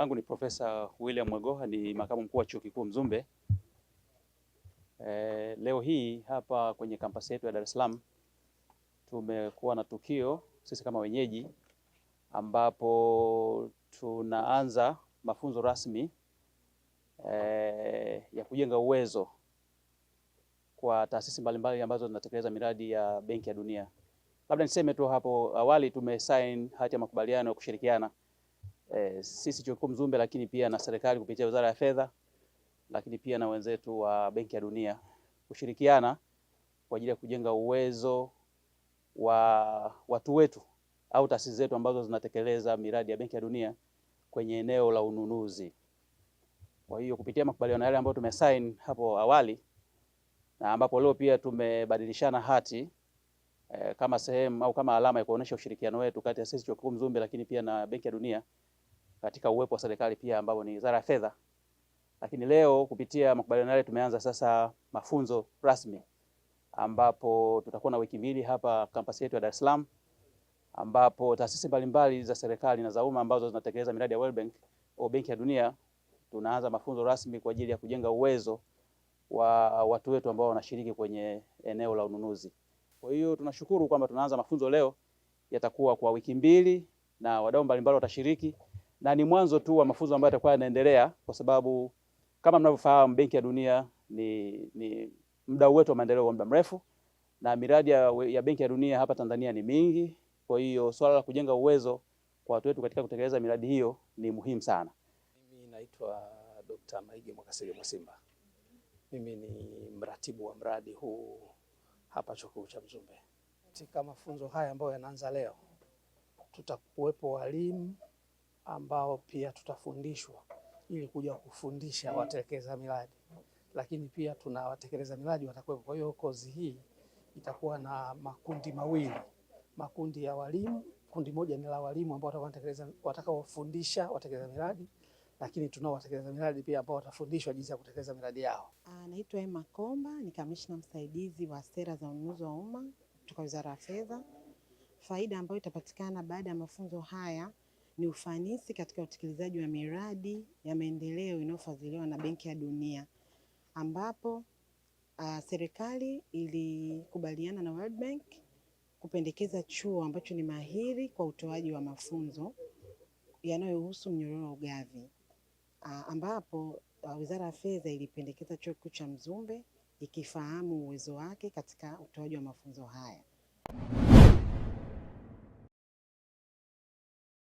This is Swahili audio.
langu ni Profesa William Mwagoha, ni makamu mkuu wa Chuo Kikuu Mzumbe. E, leo hii hapa kwenye kampasi yetu ya Dar es Salaam tumekuwa na tukio sisi kama wenyeji, ambapo tunaanza mafunzo rasmi e, ya kujenga uwezo kwa taasisi mbalimbali ambazo zinatekeleza miradi ya Benki ya Dunia. Labda niseme tu hapo awali tumesign hati ya makubaliano ya kushirikiana e, sisi Chuo Kikuu Mzumbe, lakini pia na serikali kupitia Wizara ya Fedha, lakini pia na wenzetu wa Benki ya Dunia kushirikiana kwa ajili ya kujenga uwezo wa watu wetu au taasisi zetu ambazo zinatekeleza miradi ya Benki ya Dunia kwenye eneo la ununuzi. Kwa hiyo kupitia makubaliano yale ambayo tumesign hapo awali na ambapo leo pia tumebadilishana hati eh, kama sehemu au kama alama ya kuonesha ushirikiano wetu kati ya sisi Chuo Kikuu Mzumbe lakini pia na Benki ya Dunia katika uwepo wa serikali pia ambao ni Wizara ya Fedha. Lakini leo kupitia makubaliano yale tumeanza sasa mafunzo rasmi ambapo tutakuwa na wiki mbili hapa kampasi yetu ya Dar es Salaam ambapo taasisi mbalimbali za serikali na za umma ambazo zinatekeleza miradi ya World Bank au Benki ya Dunia tunaanza mafunzo rasmi kwa ajili ya kujenga uwezo wa watu wetu ambao wanashiriki kwenye eneo la ununuzi. Kwa hiyo tunashukuru kwamba tunaanza mafunzo leo, yatakuwa kwa wiki mbili na wadau mbalimbali watashiriki na ni mwanzo tu wa mafunzo ambayo yatakuwa yanaendelea, kwa sababu kama mnavyofahamu Benki ya Dunia ni, ni mdau wetu wa maendeleo wa muda mrefu na miradi ya, ya Benki ya Dunia hapa Tanzania ni mingi. Kwa hiyo swala la kujenga uwezo kwa watu wetu katika kutekeleza miradi hiyo ni muhimu sana. Mimi naitwa Dr. Maige Mwakasege Mwasimba. Mimi ni mratibu wa mradi huu hapa Chuo Kikuu cha Mzumbe. Katika mafunzo haya ambayo yanaanza leo, tutakuwepo walimu ambao pia tutafundishwa ili kuja kufundisha mm. watekeleza miradi, lakini pia tuna watekeleza miradi watakuwepo. Kwa hiyo kozi hii itakuwa na makundi mawili, makundi ya walimu. Kundi moja ni la walimu ambao watakaofundisha watekeleza miradi, lakini tunao watekeleza miradi pia ambao watafundishwa jinsi ya kutekeleza miradi yao. Anaitwa ah, Emma Komba, ni kamishna msaidizi wa sera za ununuzi wa umma kutoka Wizara ya Fedha. Faida ambayo itapatikana baada ya mafunzo haya ni ufanisi katika utekelezaji wa miradi ya maendeleo inayofadhiliwa na Benki ya Dunia ambapo uh, serikali ilikubaliana na World Bank kupendekeza chuo ambacho ni mahiri kwa utoaji wa mafunzo yanayohusu mnyororo wa ugavi uh, ambapo uh, Wizara ya Fedha ilipendekeza Chuo Kikuu cha Mzumbe ikifahamu uwezo wake katika utoaji wa mafunzo haya.